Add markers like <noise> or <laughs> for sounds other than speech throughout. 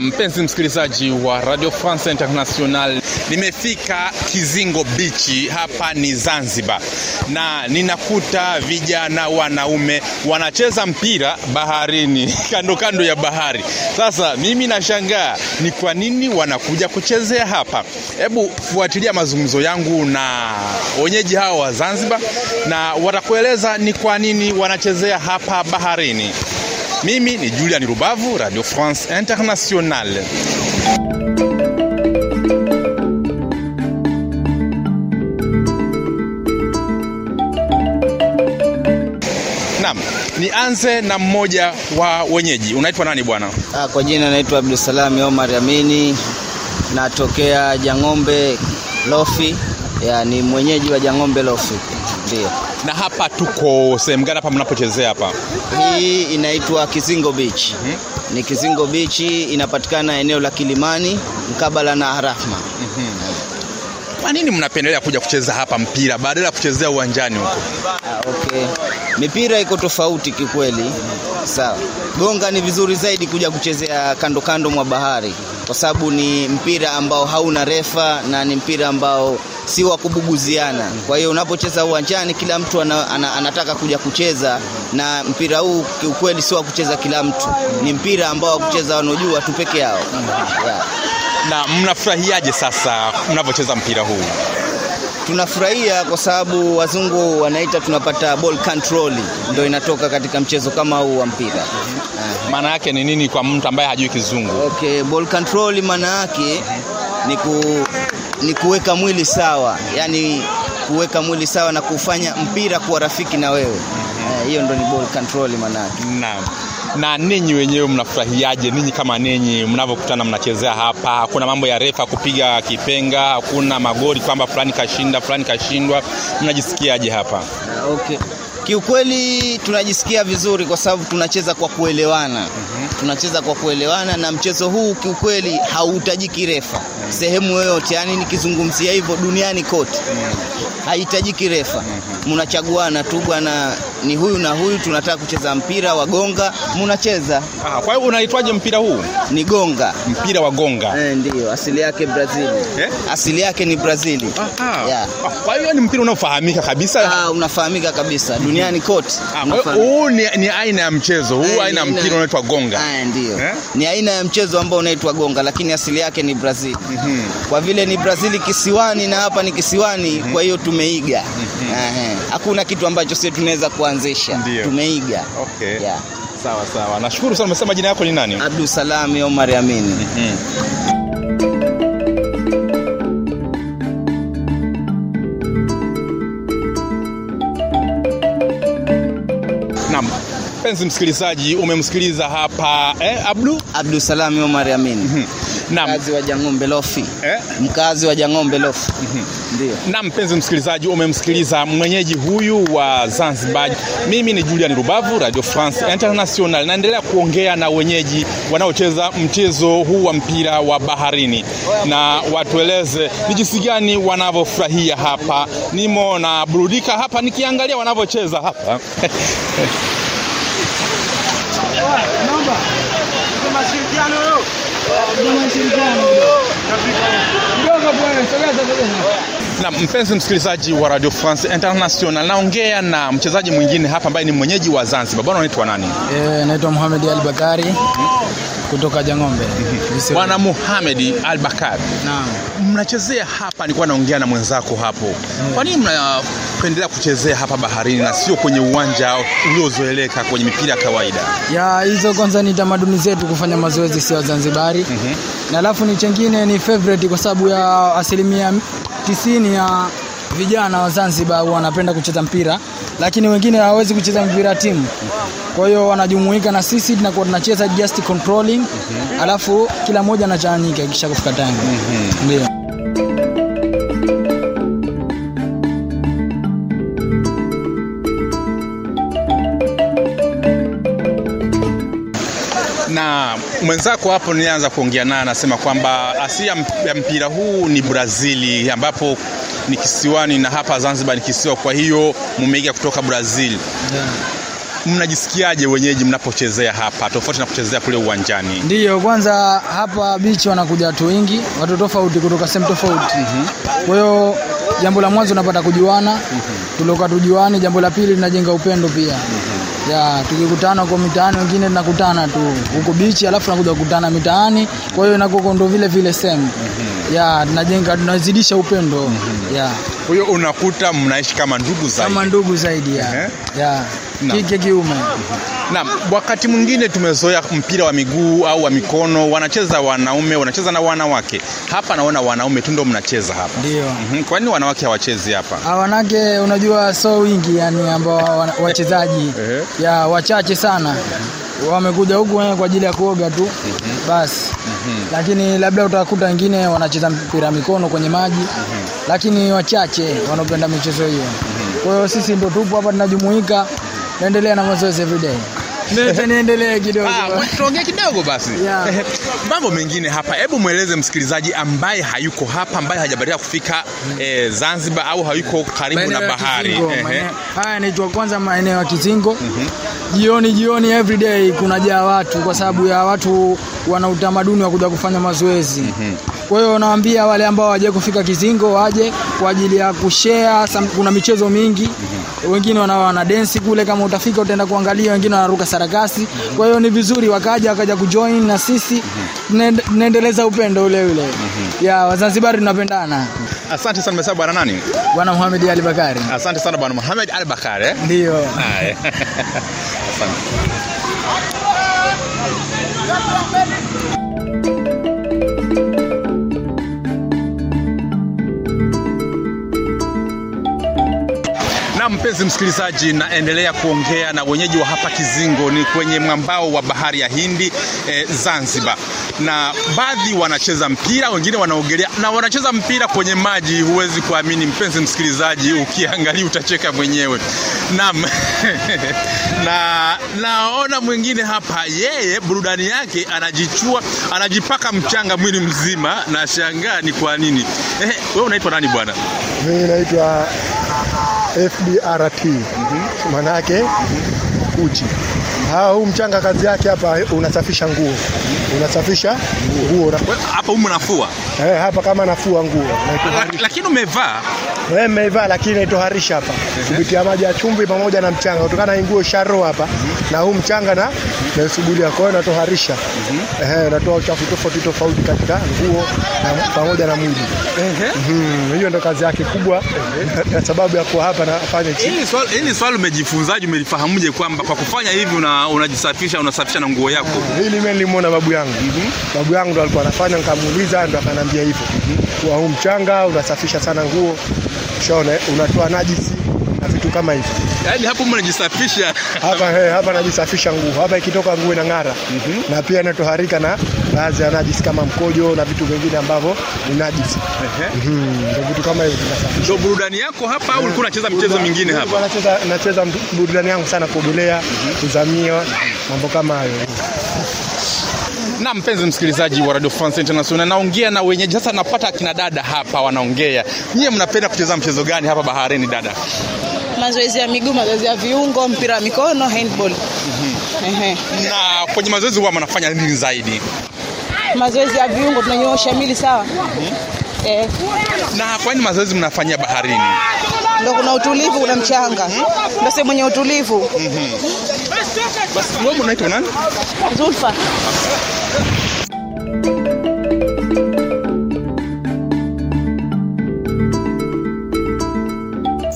Mpenzi msikilizaji wa Radio France International, nimefika Kizingo Bichi, hapa ni Zanzibar, na ninakuta vijana wanaume wanacheza mpira baharini, <laughs> kando kando ya bahari. Sasa mimi nashangaa ni kwa nini wanakuja kuchezea hapa. Hebu fuatilia mazungumzo yangu na wenyeji hao wa Zanzibar, na watakueleza ni kwa nini wanachezea hapa baharini. Mimi ni Julian Rubavu, Radio France Internationale. nianze na mmoja wa wenyeji. Unaitwa nani bwana? Ah, kwa jina naitwa Abdusalam Omar Amini, natokea Jang'ombe Lofi. Ya, ni mwenyeji wa Jang'ombe Lofi. Ndio na hapa tuko sehemu gani hapa mnapochezea hapa? Hii inaitwa Kizingo Beach. Mm -hmm. Ni Kizingo Beach inapatikana eneo la Kilimani mkabala na Rahma. Mm -hmm. Kwa nini mnapendelea kuja kucheza hapa mpira badala ya kuchezea uwanjani huko? Ah, okay. Mipira iko tofauti kikweli. Sawa. Gonga ni vizuri zaidi kuja kuchezea kando kando mwa bahari kwa sababu ni mpira ambao hauna refa na ni mpira ambao si wa kubuguziana. Kwa hiyo unapocheza uwanjani kila mtu ana, ana, anataka kuja kucheza na mpira huu kiukweli si wa kucheza kila mtu. Ni mpira ambao wa kucheza wanaojua tu peke yao. Yeah. Na mnafurahiaje sasa mnavyocheza mpira huu? Tunafurahia kwa sababu wazungu wanaita tunapata ball control, ndio inatoka katika mchezo kama huu wa mpira. Maana yake ni nini kwa mtu ambaye hajui Kizungu? Okay, ball control maana yake ni ku ni kuweka mwili sawa, yani kuweka mwili sawa na kufanya mpira kuwa rafiki na wewe. Eh, hiyo ndo ni ball control manake. Naam. Na ninyi wenyewe mnafurahiaje? Ninyi kama ninyi mnavyokutana mnachezea hapa, hakuna mambo ya refa kupiga kipenga, hakuna magori kwamba fulani kashinda fulani kashindwa, mnajisikiaje hapa? Eh, okay. Kiukweli tunajisikia vizuri kwa sababu tunacheza kwa kuelewana. mm-hmm. Tunacheza kwa kuelewana na mchezo huu kiukweli hauhitajiki refa mm-hmm. sehemu yoyote, yani nikizungumzia hivyo duniani kote mm-hmm. haihitajiki refa, mhm. mnachaguana tu bwana ni huyu na huyu, tunataka kucheza mpira wa gonga, munacheza. Ah, kwa hiyo unaitwaje mpira huu? Ni gonga, mpira wa gonga. Eh, ndio asili yake Brazil. Eh? Asili yake ni Brazil. Aha. Yeah. Ah, kwa hiyo ni mpira unaofahamika kabisa. Ah, unafahamika kabisa duniani kote. Ah, ni, ni aina ya mchezo huu, eh, aina ya mpira unaitwa gonga. Ah, ndio. Eh? Ni aina ya mchezo ambao unaitwa gonga, lakini asili yake ni Brazil. Mm -hmm. Kwa vile ni Brazil kisiwani na hapa ni kisiwani, mm -hmm. kwa hiyo tumeiga. Mm -hmm. Hakuna kitu ambacho sisi tunaweza kwa kuanzisha tumeiga. Okay. Yeah. Sawa sawa. Nashukuru sana. Umesema jina yako ni nani? Abdul Salam Omar Amini. Mm -hmm. Mpenzi msikilizaji, umemsikiliza hapa eh, Abdu Abdusalam Omar Amin. Mm-hmm mkazi wa Jang'ombe Lofi eh? mkazi wa Jang'ombe Lofi mhm. Ndio. Na mpenzi msikilizaji, umemsikiliza mwenyeji huyu wa Zanzibar. Mimi ni Julian Rubavu, Radio France International, naendelea kuongea na wenyeji wanaocheza mchezo huu wa mpira wa baharini, na watueleze ni jinsi gani wanavyofurahia hapa. Nimo na burudika hapa nikiangalia wanavyocheza hapa <laughs> Na mpenzi msikilizaji wa Radio France International, naongea na mchezaji mwingine hapa ambaye ni mwenyeji wa Zanzibar. Bwana, unaitwa nani? Eh, naitwa Mohamed Al Bakari kutoka Jangombe. Mhm. Bwana Mohamed Al Bakari, naam, mnachezea hapa. Nilikuwa naongea na mwenzako hapo, kwa nini mna unapendelea kuchezea hapa baharini na sio kwenye uwanja uliozoeleka kwenye mipira ya kawaida? Ya hizo kwanza ni tamaduni zetu kufanya mazoezi si Wazanzibari. mm -hmm. na alafu ni chengine ni favorite kwa sababu ya asilimia tisini ya vijana wa Zanzibar wanapenda kucheza mpira, lakini wengine hawawezi kucheza mpira timu. Kwa hiyo wanajumuika na sisi, tunakuwa tunacheza just controlling. mm -hmm. alafu kila mmoja anachanganyika kisha kufika tangi. mm -hmm. ndio Mwenzako hapo nianza kuongea naye, anasema kwamba asili ya mpira huu ni Brazili, ambapo ni kisiwani na hapa Zanzibar ni kisiwa, kwa hiyo mumeiga kutoka Brazil yeah. Mnajisikiaje wenyeji mnapochezea hapa tofauti na kuchezea kule uwanjani? Ndiyo, kwanza hapa bichi wanakuja watu wengi, watu tofauti kutoka sehemu tofauti. Mhm. Kwa hiyo jambo la mwanzo unapata kujuana, mhm. tulioka tujuani. Jambo la pili linajenga upendo pia. mm -hmm ya tukikutana kwa mitaani, wengine tunakutana tu huko bichi, alafu tunakuja kukutana mitaani. Kwa hiyo inakuwa ndo vile vile same mm-hmm. ya tunajenga tunazidisha upendo mm-hmm. ya kwa hiyo unakuta mnaishi kama ndugu zaidi, kama ndugu zaidi ya, eh? ya. kike kiume naam. Wakati mwingine tumezoea mpira wa miguu au wa mikono, wanacheza wanaume, wanacheza na wanawake. Hapa naona wanaume tu ndio mnacheza hapa, ndio mm-hmm. Kwa nini wanawake hawachezi hapa? Ah, wanawake unajua so wingi, yani ambao wachezaji eh? ya wachache sana wamekuja huku kwa ajili ya kuoga tu mm-hmm. basi mm-hmm. lakini labda utakuta wengine wanacheza mpira mikono kwenye maji mm-hmm. lakini wachache wanaopenda michezo hiyo mm-hmm. kwa hiyo sisi ndo tupo hapa tunajumuika naendelea na mazoezi everyday niendelee kidogo, ah, tuongee kidogo basi yeah. mambo mengine hapa, hebu mweleze msikilizaji ambaye hayuko hapa, ambaye hajabadilika kufika mm. eh, Zanzibar au hayuko karibu maeneo na bahari. Haya yanaitwa kwanza maeneo ya Kizingo. Mhm. Jioni jioni, everyday jaa watu kwa sababu ya watu wana utamaduni wa kuja kufanya mazoezi. mm -hmm. Kwa hiyo nawaambia wale ambao waje kufika Kizingo waje kwa ajili ya kushare. Kuna michezo mingi, wengine wana, wana dance kule, kama utafika utaenda kuangalia, wengine wanaruka sarakasi. Kwa hiyo ni vizuri wakaja wakaja kujoin na sisi, tunaendeleza upendo ule ule ya Wazanzibari, tunapendana. Asante sana mesa bwana nani? Bwana Muhammad Ali Bakari. Asante sana bwana Muhammad Ali Bakari. Eh? Ndio. <laughs> Asante. Mpenzi msikilizaji, naendelea kuongea na wenyeji wa hapa Kizingo, ni kwenye mwambao wa bahari ya Hindi eh, Zanzibar, na baadhi wanacheza mpira, wengine wanaogelea na wanacheza mpira kwenye maji. Huwezi kuamini mpenzi msikilizaji, ukiangalia utacheka mwenyewe. Naam. <laughs> na naona mwingine hapa, yeye burudani yake anajichua, anajipaka mchanga mwili mzima, na shangaa ni kwa nini. Eh, wewe unaitwa nani bwana? Mimi naitwa FDRT maana yake uchi. Huu mchanga kazi yake hapa unasafisha nguo, unasafisha nguo hapa huko, nafua eh, hapa kama nafua nguo lakini umevaa wewe eh, umevaa, lakini inatoharisha hapa kupitia maji ya chumvi pamoja na mchanga, kutokana na nguo sharo hapa na huu mchanga na na yaani sugulia. Kwa hiyo inatoharisha mm -hmm. Ehe, uchafu tofauti tofauti katika nguo pamoja na mwili mhm, hiyo ndo kazi yake kubwa <laughs> na sababu ya kuwa hapa nafanya Hili swali hili swali umelifahamuje kwamba kwa kufanya hivi una unajisafisha unasafisha na nguo yako? Mhm, hili mimi nilimwona babu yangu mm -hmm. Babu yangu ndo alikuwa anafanya, nikamuuliza ndo akanaambia hivyo mm -hmm. Kwa huu mchanga unasafisha sana nguo, shaona unatoa najisi vitu kama hivi. Yaani hapo mnajisafisha. Hapa eh, hapa najisafisha nguo. Hapa ikitoka nguo inang'ara. Mm -hmm. Na pia inatoharika na baadhi ya najisi kama mkojo na vitu vingine ambavyo ni najisi. Ehe. Uh -huh. Mm -hmm. Vitu kama hivi tunasafisha. Ndio burudani yako hapa au eh. ulikuwa unacheza michezo mingine hapa? Nacheza nacheza burudani yangu sana kuogelea, mhm. kuzamia, mm -hmm. mambo kama hayo. Na mpenzi msikilizaji wa Radio France International, naongea na wenyeji sasa, napata akina dada hapa wanaongea. Nyie mnapenda kucheza mchezo gani hapa baharini dada? mazoezi ya miguu, mazoezi ya viungo, mpira wa mikono, handball. mm -hmm. Na kwenye mazoezi huwa mnafanya nini zaidi? Mazoezi ya viungo tunanyoosha mili sawa. mm -hmm. eh. Na kwa nini mazoezi mnafanyia baharini? Ndo kuna utulivu, kuna mchanga. mm -hmm. sehemu mwenye utulivu. mm -hmm. Basi wewe unaitwa nani? Zulfa.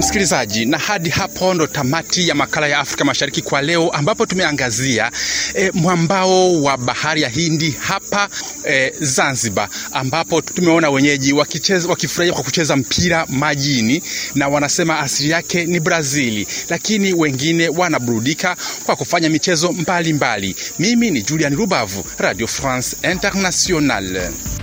Msikilizaji, na hadi hapo ndo tamati ya makala ya Afrika Mashariki kwa leo, ambapo tumeangazia e, mwambao wa bahari ya Hindi hapa e, Zanzibar, ambapo tumeona wenyeji wakicheza wakifurahia kwa kucheza mpira majini, na wanasema asili yake ni Brazili, lakini wengine wanaburudika kwa kufanya michezo mbalimbali mbali. Mimi ni Julian Rubavu, Radio France Internationale.